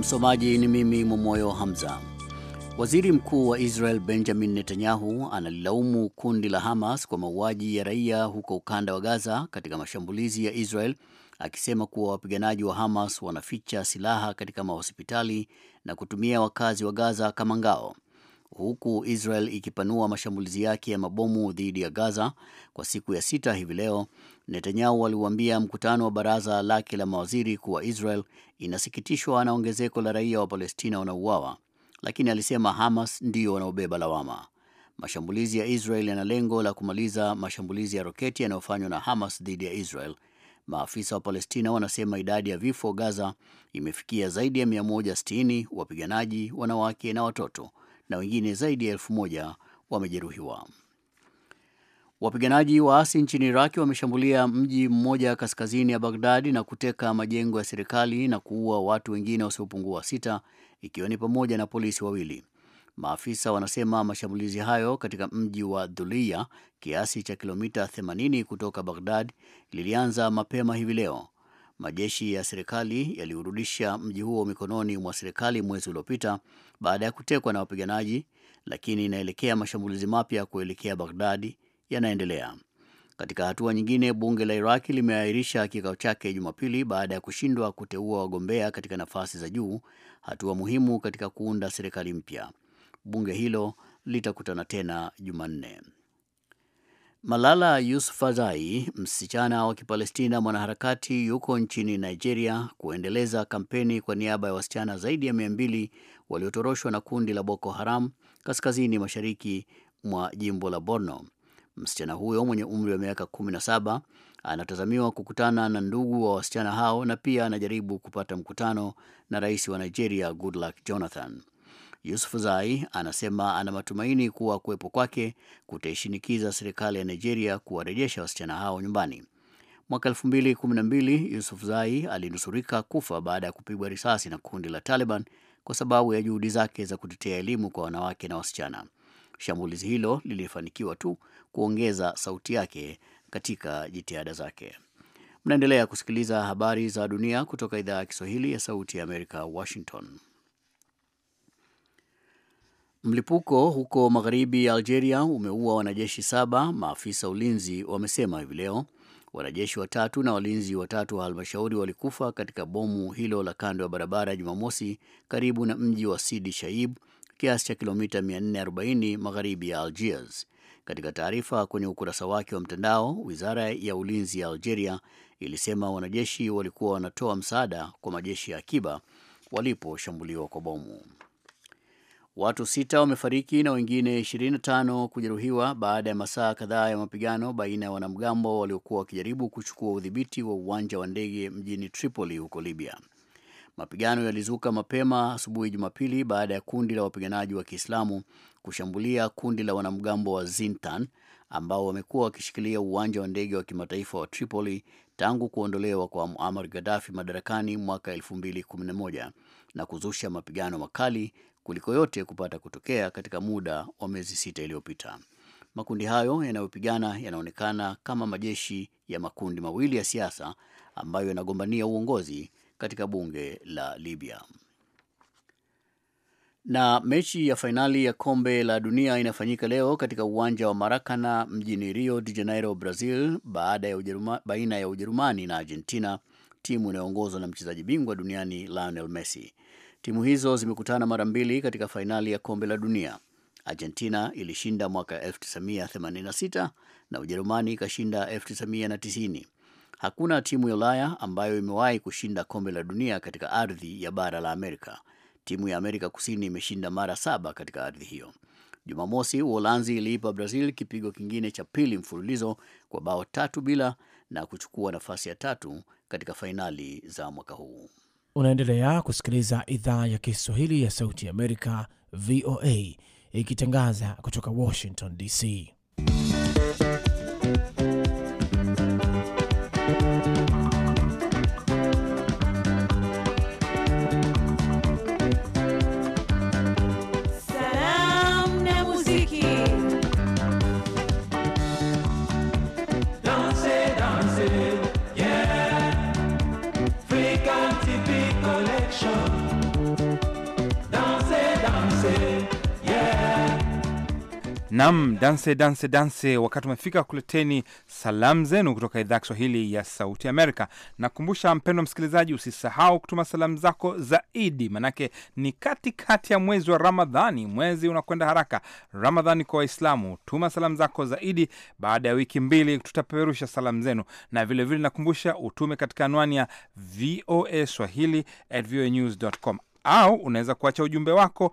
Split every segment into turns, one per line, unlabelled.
Msomaji ni mimi Momoyo Hamza. Waziri Mkuu wa Israel Benjamin Netanyahu analilaumu kundi la Hamas kwa mauaji ya raia huko ukanda wa Gaza katika mashambulizi ya Israel, akisema kuwa wapiganaji wa Hamas wanaficha silaha katika mahospitali na kutumia wakazi wa Gaza kama ngao, huku Israel ikipanua mashambulizi yake ya mabomu dhidi ya Gaza kwa siku ya sita hivi leo Netanyahu aliuambia mkutano wa baraza lake la mawaziri kuwa Israel inasikitishwa na ongezeko la raia wa Palestina wanaouawa, lakini alisema Hamas ndio wanaobeba lawama. Mashambulizi ya Israel yana lengo la kumaliza mashambulizi ya roketi yanayofanywa na Hamas dhidi ya Israel. Maafisa wa Palestina wanasema idadi ya vifo Gaza imefikia zaidi ya 160, wapiganaji, wanawake na watoto, na wengine zaidi ya elfu moja wamejeruhiwa. Wapiganaji waasi nchini Iraki wameshambulia mji mmoja kaskazini ya Bagdadi na kuteka majengo ya serikali na kuua watu wengine wasiopungua wa sita ikiwa ni pamoja na polisi wawili. Maafisa wanasema mashambulizi hayo katika mji wa Dhulia, kiasi cha kilomita 80 kutoka Bagdad, lilianza mapema hivi leo. Majeshi ya serikali yaliurudisha mji huo mikononi mwa serikali mwezi uliopita baada ya kutekwa na wapiganaji, lakini inaelekea mashambulizi mapya kuelekea Bagdadi yanaendelea. Katika hatua nyingine, bunge la Iraki limeahirisha kikao chake Jumapili baada ya kushindwa kuteua wagombea katika nafasi za juu, hatua muhimu katika kuunda serikali mpya. Bunge hilo litakutana tena Jumanne. Malala Yousafzai, msichana wa Kipalestina mwanaharakati, yuko nchini Nigeria kuendeleza kampeni kwa niaba ya wasichana zaidi ya mia mbili waliotoroshwa na kundi la Boko Haram kaskazini mashariki mwa jimbo la Borno. Msichana huyo mwenye umri wa miaka 17 anatazamiwa kukutana na ndugu wa wasichana hao na pia anajaribu kupata mkutano na rais wa Nigeria Goodluck Jonathan. Yusuf Zai anasema ana matumaini kuwa kuwepo kwake kutaishinikiza serikali ya Nigeria kuwarejesha wasichana hao nyumbani. Mwaka 2012 Yusuf Zai alinusurika kufa baada ya kupigwa risasi na kundi la Taliban kwa sababu ya juhudi zake za kutetea elimu kwa wanawake na wasichana. Shambulizi hilo lilifanikiwa tu kuongeza sauti yake katika jitihada zake. Mnaendelea kusikiliza habari za dunia kutoka idhaa ya Kiswahili ya Sauti ya Amerika, Washington. Mlipuko huko magharibi ya Algeria umeua wanajeshi saba, maafisa ulinzi wamesema hivi leo. Wanajeshi watatu na walinzi watatu wa halmashauri walikufa katika bomu hilo la kando ya barabara Jumamosi, karibu na mji wa Sidi Shaib kiasi cha kilomita 440 magharibi ya Algiers. Katika taarifa kwenye ukurasa wake wa mtandao, wizara ya ulinzi ya Algeria ilisema wanajeshi walikuwa wanatoa msaada kwa majeshi ya akiba waliposhambuliwa kwa bomu. Watu sita wamefariki na wengine 25 kujeruhiwa baada ya masaa kadhaa ya mapigano baina ya wanamgambo waliokuwa wakijaribu kuchukua udhibiti wa uwanja wa ndege mjini Tripoli huko Libya. Mapigano yalizuka mapema asubuhi Jumapili baada ya kundi la wapiganaji wa Kiislamu kushambulia kundi la wanamgambo wa Zintan ambao wamekuwa wakishikilia uwanja wa ndege wa kimataifa wa Tripoli tangu kuondolewa kwa Muammar Gaddafi madarakani mwaka 2011 na kuzusha mapigano makali kuliko yote kupata kutokea katika muda wa miezi sita iliyopita. Makundi hayo yanayopigana yanaonekana kama majeshi ya makundi mawili ya siasa ambayo yanagombania uongozi katika bunge la Libya. Na mechi ya fainali ya kombe la dunia inafanyika leo katika uwanja wa Marakana mjini Rio de Janeiro, Brazil, baada ya Ujeruma, baina ya Ujerumani na Argentina, timu inayoongozwa na mchezaji bingwa duniani Lionel Messi. Timu hizo zimekutana mara mbili katika fainali ya kombe la dunia. Argentina ilishinda mwaka 1986 na Ujerumani ikashinda 1990. Hakuna timu ya Ulaya ambayo imewahi kushinda kombe la dunia katika ardhi ya bara la Amerika. Timu ya Amerika Kusini imeshinda mara saba katika ardhi hiyo. Jumamosi, Uholanzi iliipa Brazil kipigo kingine cha pili mfululizo kwa bao tatu bila na kuchukua nafasi ya tatu katika fainali za mwaka huu.
Unaendelea kusikiliza idhaa ya Kiswahili ya Sauti ya Amerika, VOA, ikitangaza kutoka Washington DC.
Nam danse danse danse, wakati umefika kuleteni salamu zenu kutoka idhaa ya Kiswahili ya Sauti Amerika. Nakumbusha mpendo msikilizaji, usisahau kutuma salamu zako zaidi, manake ni katikati kati ya mwezi wa Ramadhani. Mwezi unakwenda haraka, Ramadhani kwa Waislamu. Tuma salamu zako zaidi, baada ya wiki mbili tutapeperusha salamu zenu, na vilevile vile nakumbusha utume katika anwani ya voa swahili at au unaweza kuacha ujumbe wako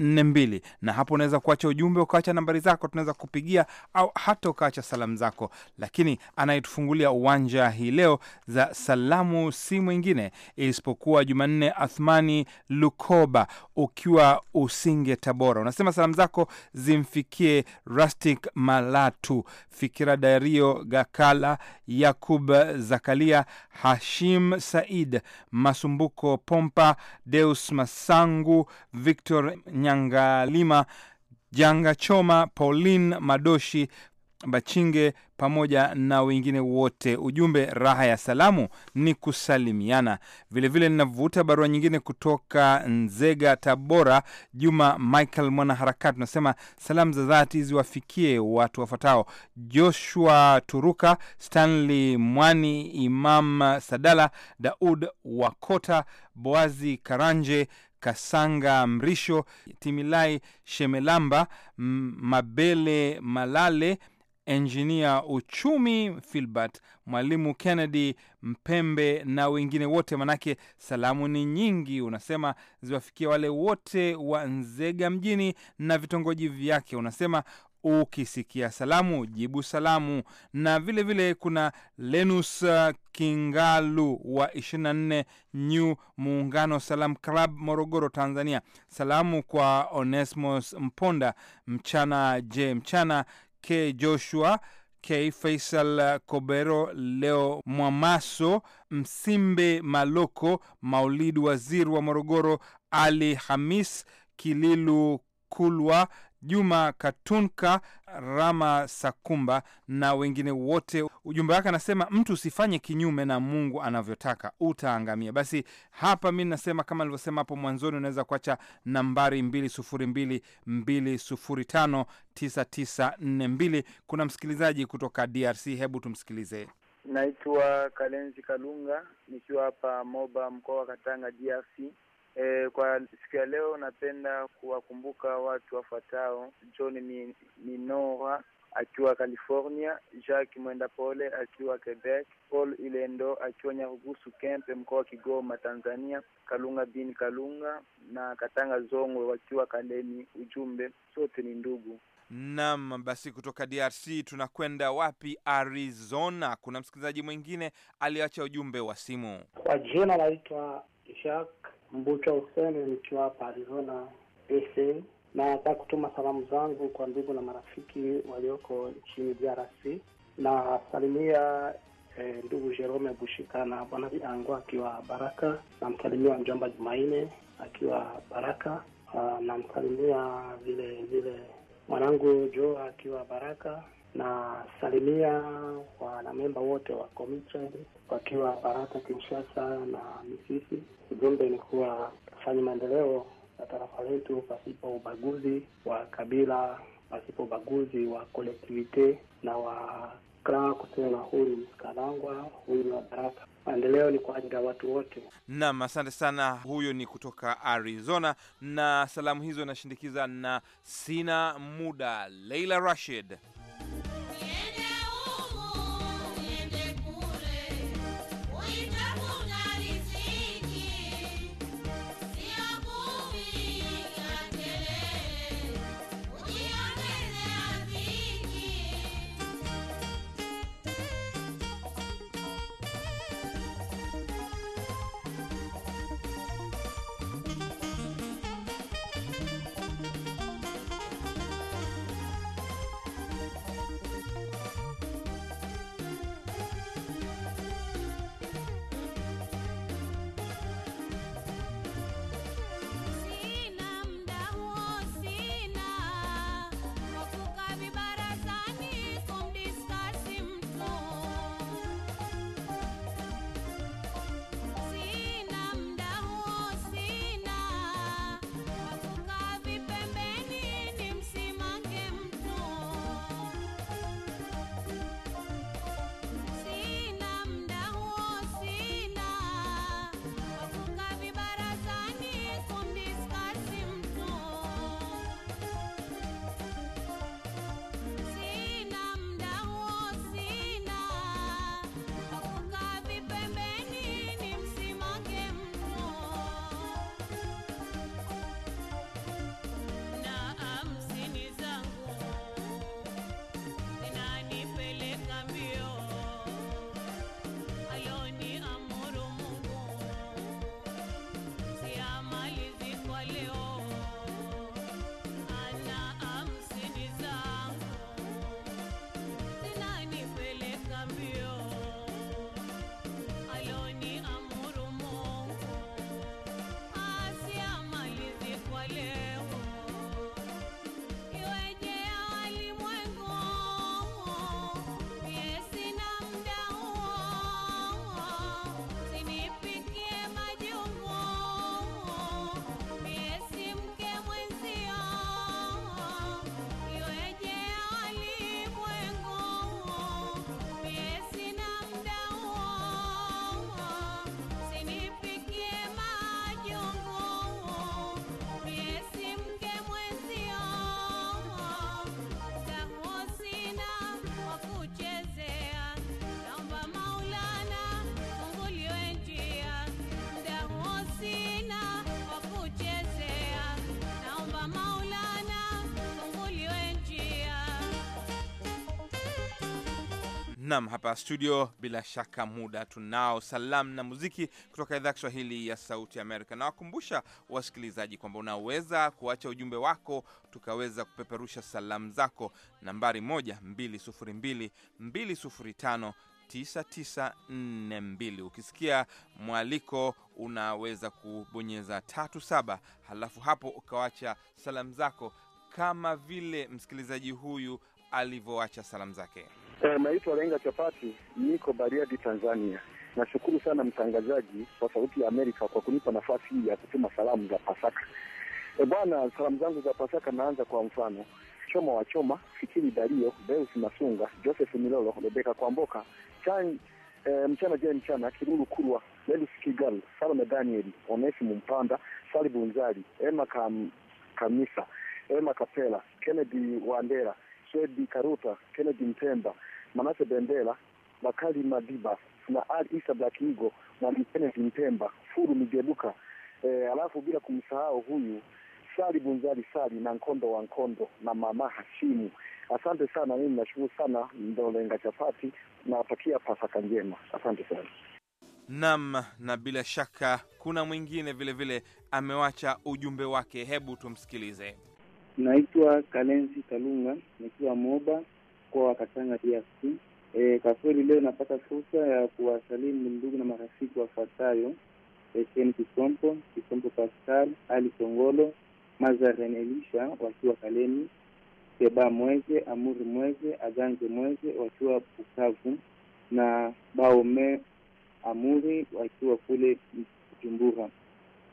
42 na hapo unaweza kuacha ujumbe, ukaacha nambari zako, tunaweza kupigia au hata ukaacha salamu zako. Lakini anayetufungulia uwanja hii leo za salamu si mwingine isipokuwa Jumanne Athmani Lukoba, ukiwa Usinge, Tabora. Unasema salamu zako zimfikie Rustic Malatu, Fikira Dario, Gakala Yakub, Zakalia Hashim, Said Masumbuko, Pompa Deus Masangu, Victor Nyangalima, choma Pauline Madoshi Bachinge pamoja na wengine wote. Ujumbe raha ya salamu ni kusalimiana vilevile. Ninavuta barua nyingine kutoka Nzega, Tabora. Juma Michael mwanaharakati unasema salamu za dhati ziwafikie watu wafuatao: Joshua Turuka, Stanley Mwani, Imam Sadala, Daud Wakota, Boazi Karanje, Kasanga Mrisho, Timilai Shemelamba, Mabele Malale, Enjinia uchumi Filbert, Mwalimu Kennedy Mpembe na wengine wote, manake salamu ni nyingi. Unasema ziwafikie wale wote wa Nzega mjini na vitongoji vyake. Unasema Ukisikia salamu jibu salamu. Na vile vile kuna Lenus uh, Kingalu wa 24 New Muungano Salam Club, Morogoro, Tanzania. Salamu kwa Onesmos Mponda, Mchana J Mchana, K Joshua K Faisal Kobero, Leo Mwamaso, Msimbe Maloko, Maulidi Waziri wa Morogoro, Ali Hamis Kililu Kulwa Juma Katunka, Rama Sakumba na wengine wote. Ujumbe wake anasema mtu usifanye kinyume na Mungu anavyotaka, utaangamia. Basi hapa mi nasema kama alivyosema hapo mwanzoni, unaweza kuacha nambari mbili. kuna msikilizaji kutoka DRC, hebu tumsikilize.
Naitwa Kalenzi Kalunga nikiwa hapa Moba, mkoa wa Katanga, DRC. E, kwa siku ya leo napenda kuwakumbuka watu wafuatao: John Minora akiwa California, Jacques Mwenda Pole akiwa Quebec, Paul Ilendo akiwa Nyarugusu Kempe, mkoa wa Kigoma, Tanzania, Kalunga bin Kalunga na Katanga Zongwe wakiwa Kalemi.
Ujumbe, sote ni ndugu. Naam, basi kutoka DRC tunakwenda wapi? Arizona. Kuna msikilizaji mwingine aliacha ujumbe wa simu.
Kwa jina naitwa Jacques Mbucha Hussein nikiwa hapa Arizona USA, na nataka kutuma salamu zangu kwa ndugu na marafiki walioko nchini DRC na salimia eh, ndugu Jerome Bushika na bwana Biango akiwa Baraka, namsalimia mjomba Jumaine akiwa Baraka, ah, namsalimia vile vile mwanangu Jo akiwa Baraka, na salimia wanamemba wote wa Komicha wakiwa Baraka, Kinshasa na Misisi. Ujumbe ni kuwa tufanye maendeleo ya tarafa letu pasipo ubaguzi wa kabila, pasipo ubaguzi wa kolektivite na wa kla kusema huyu ni Mskalangwa, huyu ni wa Baraka. Maendeleo ni kwa ajili ya watu wote.
Naam, asante sana. Huyo ni kutoka Arizona, na salamu hizo inashindikiza na sina muda. Leila Rashid Nam, hapa studio, bila shaka muda tunao salamu na muziki kutoka idhaa ya Kiswahili ya Sauti Amerika. Nawakumbusha wasikilizaji kwamba unaweza kuacha ujumbe wako tukaweza kupeperusha salamu zako, nambari 12022059942. Ukisikia mwaliko unaweza kubonyeza tatu saba, halafu hapo ukawacha salamu zako kama vile msikilizaji huyu alivyoacha salamu zake.
Eh, naitwa Lenga Chapati, niko Bariadi, Tanzania. Nashukuru sana mtangazaji wa Sauti ya Amerika kwa kunipa nafasi hii ya kutuma salamu za Pasaka. E, bwana, salamu zangu za Pasaka naanza kwa mfano Choma wa Choma, Fikiri Dario, Deus Masunga, Joseph Milolo, Rebeka Kwamboka, Chan e, eh, mchana je mchana, Kiruru Kurwa, Lelus Kigal, Salome Daniel, Onesi Mpanda, Salibu Nzali, Emma Kam, Kamisa, Emma Kapela, Kennedy Wandera Fredi Karuta, Kennedy Mpemba, Manase Bendela, Bakali Madiba na Ali Isa Black Eagle, na Kennedy Mpemba, Furu Migebuka, e, alafu bila kumsahau huyu Sali Bunzali Sali na Nkondo wa Nkondo na Mama Hashimu. Asante sana, mimi nashukuru sana. ndolenga lenga chapati nawatakia Pasaka njema, asante sana.
Nam, na bila shaka kuna mwingine vilevile amewacha ujumbe wake, hebu tumsikilize.
Naitwa Kalenzi Kalunga, nikiwa Moba, kwa Katanga, DRC. E, kwa kweli leo napata fursa ya kuwasalimu ndugu na marafiki wafuatayo: Etienne Kisompo, Kisompo Pascal, Ali Songolo, Mazaren Elisha wakiwa kaleni Seba Mweze, Amuri Mweze, Aganze Mweze wakiwa Bukavu na Baome Amuri wakiwa kule jumbura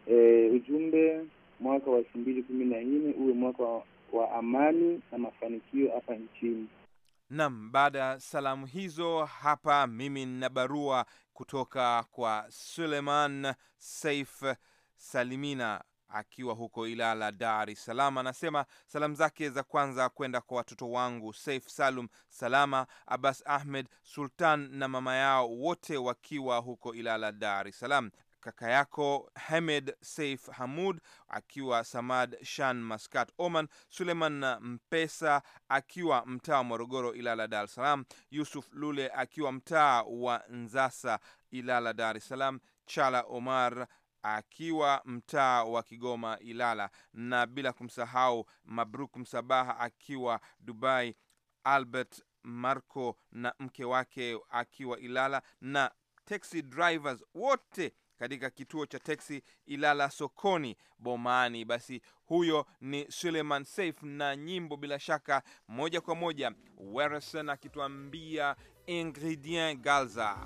E,
ujumbe
mwaka wa elfu mbili kumi na nne uwe mwaka wa, amani na mafanikio hapa nchini.
Naam, baada ya salamu hizo hapa, mimi nina barua kutoka kwa Suleiman Saif Salimina akiwa huko Ilala, Dar es Salaam. Anasema salamu zake za kwanza kwenda kwa watoto wangu Saif Salum Salama, Abbas Ahmed Sultan na mama yao wote wakiwa huko Ilala, Dar es Salaam kaka yako Hamed Saif Hamud akiwa Samad Shan Maskat Oman, Suleiman Mpesa akiwa mtaa wa Morogoro Ilala Dar es Salaam, Yusuf Lule akiwa mtaa wa Nzasa Ilala Dar es Salaam, Chala Omar akiwa mtaa wa Kigoma Ilala, na bila kumsahau Mabruk Msabaha akiwa Dubai, Albert Marco na mke wake akiwa Ilala, na taxi drivers wote katika kituo cha teksi Ilala sokoni Bomani. Basi huyo ni Suleiman Saif na nyimbo bila shaka moja kwa moja Werson akituambia ingredient galza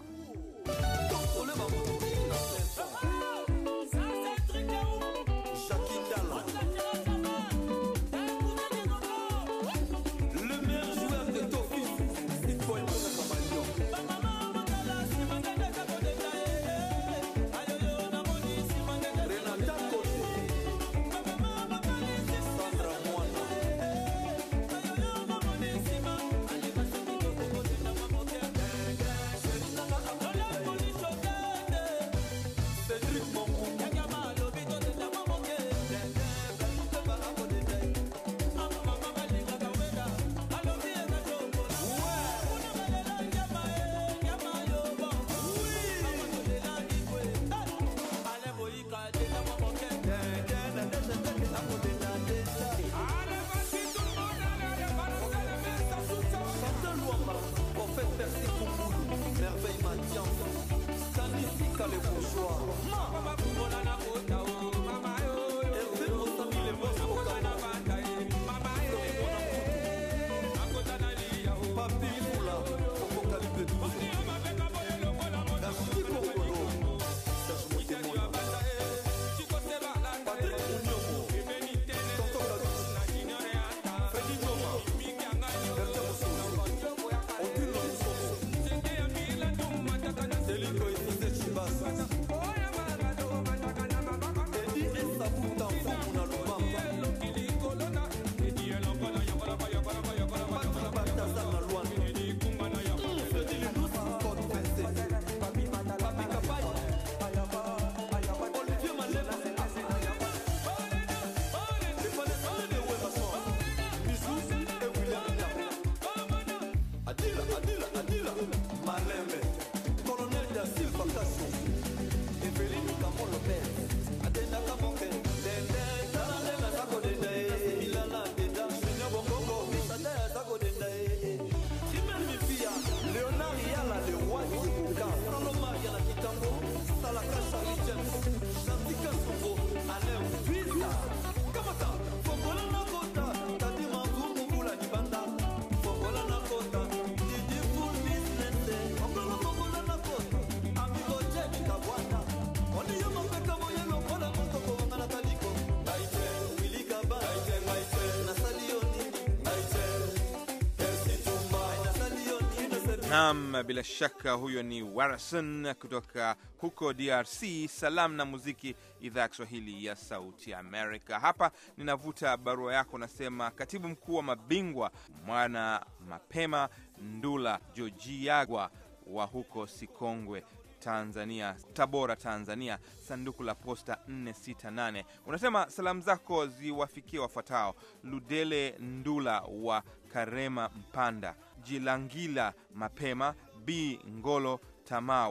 Naam, bila shaka huyo ni Warson kutoka huko DRC. Salam na muziki, idhaa ya Kiswahili ya Sauti Amerika. Hapa ninavuta barua yako, nasema katibu mkuu wa mabingwa mwana mapema Ndula Jojiagwa wa huko Sikongwe Tanzania, Tabora, Tanzania, sanduku la posta 468. Unasema salamu zako ziwafikie wafuatao: Ludele Ndula wa Karema Mpanda, Jilangila mapema, B Ngolo Tamaa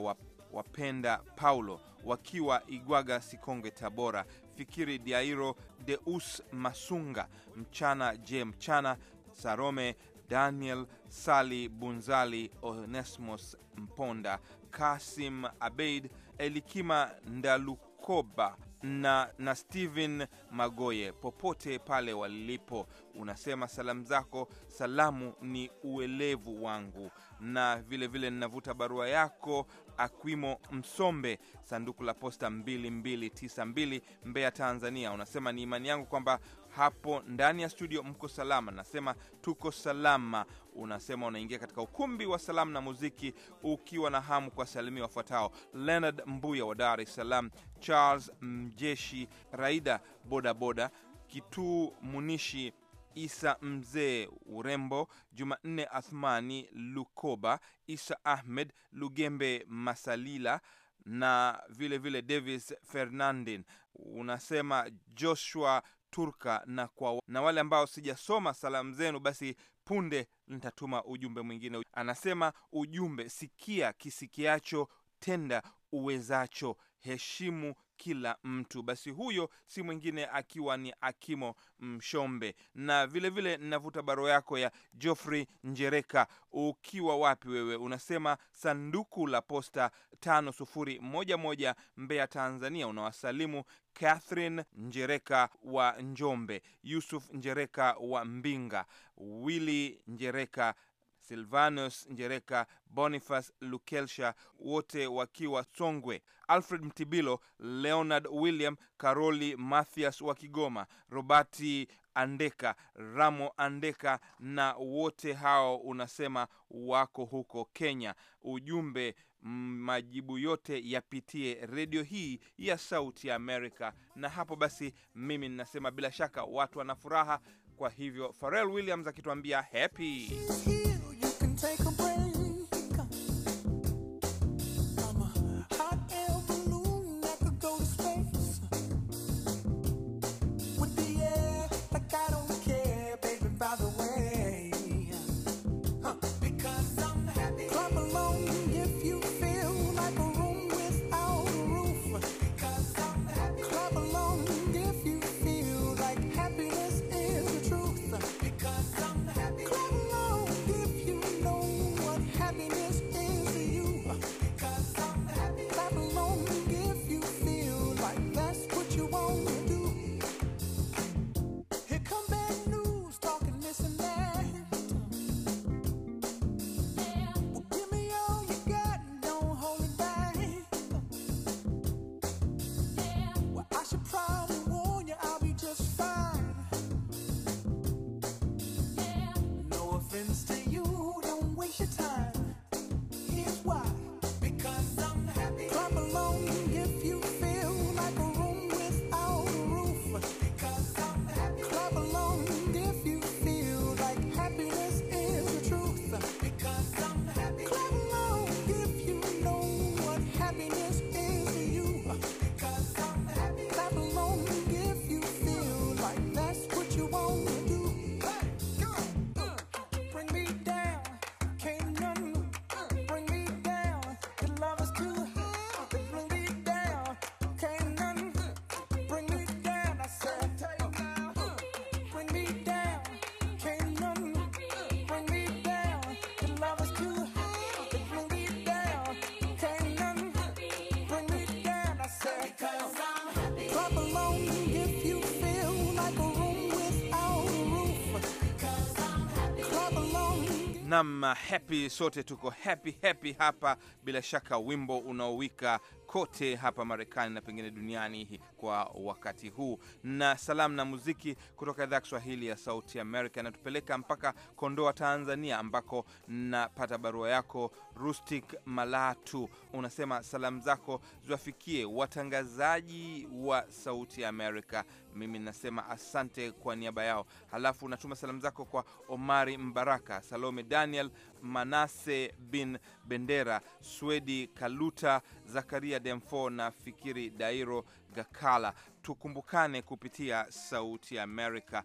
wapenda Paulo wakiwa Igwaga sikonge Tabora, Fikiri Diairo Deus Masunga Mchana J Mchana Sarome Daniel Sali Bunzali Onesmos Mponda Kasim Abeid Elikima Ndalukoba na, na Steven Magoye popote pale walipo. Unasema salamu zako, salamu ni uelevu wangu, na vilevile ninavuta vile barua yako Akwimo Msombe, sanduku la posta 2292 Mbeya, Tanzania. Unasema ni imani yangu kwamba hapo ndani ya studio mko salama? Nasema tuko salama. Unasema unaingia katika ukumbi wa salamu na muziki ukiwa na hamu kwa salimia wafuatao: Leonard Mbuya wa Dar es Salaam, Charles Mjeshi, Raida bodaboda Kituu Munishi, Isa Mzee Urembo, Jumanne Athmani Lukoba, Isa Ahmed Lugembe Masalila na vilevile vile Davis Fernandin. Unasema Joshua Turka na kwa na wale ambao sijasoma salamu zenu, basi punde nitatuma ujumbe mwingine. Anasema ujumbe, sikia kisikiacho, tenda uwezacho, heshimu kila mtu. Basi huyo si mwingine akiwa ni Akimo Mshombe. Na vilevile navuta baro yako ya Geoffrey Njereka, ukiwa wapi wewe? Unasema sanduku la posta moja moja Mbeya, Tanzania. Unawasalimu Catherine Njereka wa Njombe, Yusuf Njereka wa Mbinga, Willy Njereka Silvanus Njereka, Boniface Lukelsha, wote wakiwa Songwe, Alfred Mtibilo, Leonard William, Karoli Mathias wa Kigoma, Robati Andeka, Ramo Andeka na wote hao unasema wako huko Kenya. Ujumbe mm, majibu yote yapitie redio hii ya Sauti ya Amerika. Na hapo basi, mimi ninasema bila shaka watu wana furaha. Kwa hivyo Pharrell Williams akituambia happy take them. Nam happy, sote tuko happy happy hapa, bila shaka wimbo unaowika kote hapa Marekani na pengine duniani kwa wakati huu. Na salamu na muziki kutoka idhaa ya Kiswahili ya Sauti Amerika inatupeleka mpaka Kondoa, Tanzania, ambako napata barua yako Rustic Malatu. Unasema salamu zako ziwafikie watangazaji wa Sauti Amerika. Mimi nasema asante kwa niaba yao. Halafu unatuma salamu zako kwa Omari Mbaraka, Salome Daniel, Manase bin Bendera, Swedi Kaluta, Zakaria Demfo na Fikiri Dairo Gakala. Tukumbukane kupitia Sauti ya Amerika.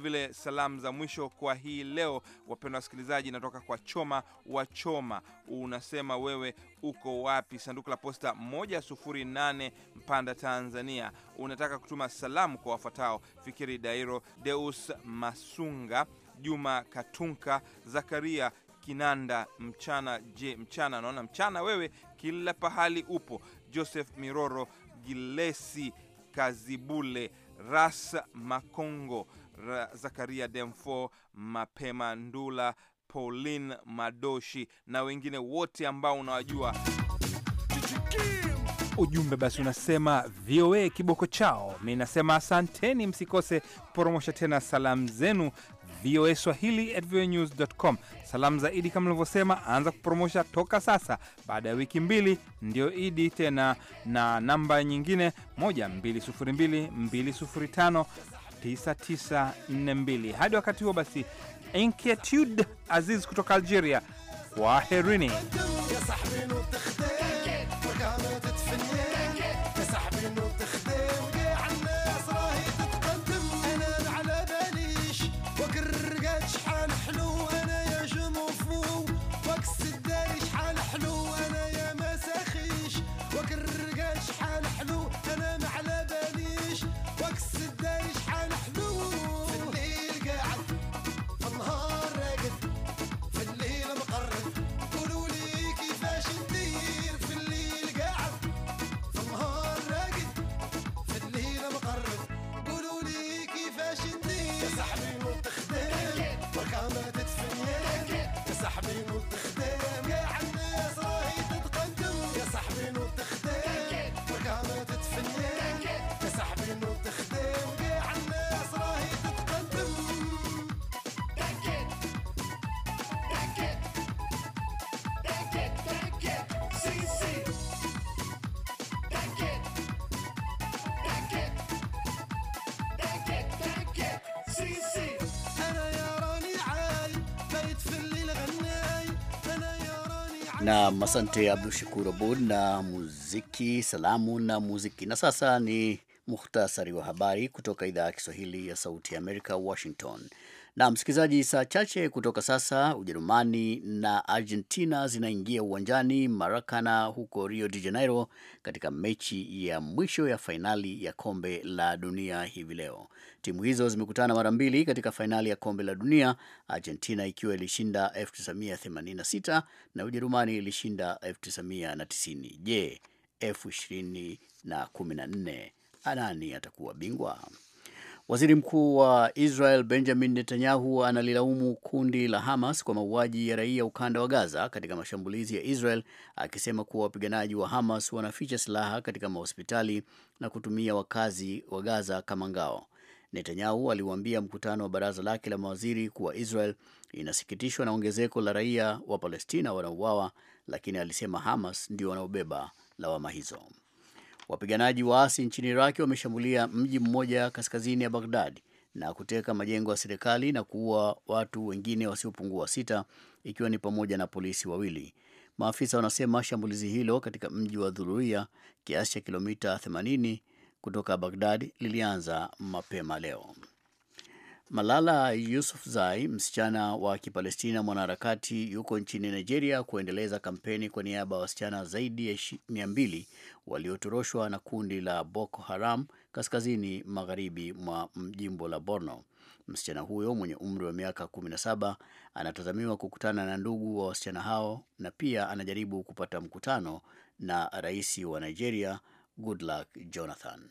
vile salamu za mwisho kwa hii leo, wapendwa wasikilizaji, natoka kwa Choma wa Choma. Unasema wewe uko wapi? Sanduku la posta 108 Mpanda, Tanzania. Unataka kutuma salamu kwa wafuatao: Fikiri Dairo, Deus Masunga, Juma Katunka, Zakaria Kinanda mchana. Je, mchana naona mchana wewe kila pahali upo. Joseph Miroro, Gilesi Kazibule, Ras Makongo, Zakaria Demfo, Mapema Ndula, Pauline Madoshi na wengine wote ambao unawajua. Ujumbe basi unasema VOA kiboko chao. Mi nasema asanteni, msikose kuporomosha tena salamu zenu VOA Swahili at voanews.com. Salamu za Idi kama nilivyosema, anza kupromosha toka sasa. Baada ya wiki mbili ndio Idi tena, na namba nyingine 12022059942. Hadi wakati huo basi, Inquietude Aziz kutoka Algeria, kwaherini.
Nam, asante Abdu Shakur Abud na muziki, salamu na muziki. Na sasa ni muhtasari wa habari kutoka idhaa ya Kiswahili ya Sauti ya Amerika, Washington. Na msikilizaji, saa chache kutoka sasa Ujerumani na Argentina zinaingia uwanjani Marakana huko Rio de Janeiro katika mechi ya mwisho ya fainali ya kombe la dunia hivi leo. Timu hizo zimekutana mara mbili katika fainali ya kombe la dunia, Argentina ikiwa ilishinda 1986 na Ujerumani ilishinda 1990. Je, 2014 anani atakuwa bingwa? Waziri mkuu wa Israel Benjamin Netanyahu analilaumu kundi la Hamas kwa mauaji ya raia ukanda wa Gaza katika mashambulizi ya Israel, akisema kuwa wapiganaji wa Hamas wanaficha silaha katika mahospitali na kutumia wakazi wa Gaza kama ngao. Netanyahu aliuambia mkutano wa baraza lake la mawaziri kuwa Israel inasikitishwa na ongezeko la raia wa Palestina wanaouawa, lakini alisema Hamas ndio wanaobeba lawama hizo. Wapiganaji waasi nchini Iraki wameshambulia mji mmoja kaskazini ya Baghdad na kuteka majengo ya serikali na kuua watu wengine wasiopungua wa sita, ikiwa ni pamoja na polisi wawili. Maafisa wanasema shambulizi hilo katika mji wa dhuruia kiasi cha kilomita 80 kutoka Bagdad, lilianza mapema leo. Malala zai msichana wa Kipalestina mwanaharakati, yuko nchini Nigeria kuendeleza kampeni kwa niaba ya wasichana zaidi ya mia mbili waliotoroshwa na kundi la Boko Haram kaskazini magharibi mwa jimbo la Borno. Msichana huyo mwenye umri wa miaka 17 anatazamiwa kukutana na ndugu wa wasichana hao na pia anajaribu kupata mkutano na rais wa Nigeria Goodluck Jonathan.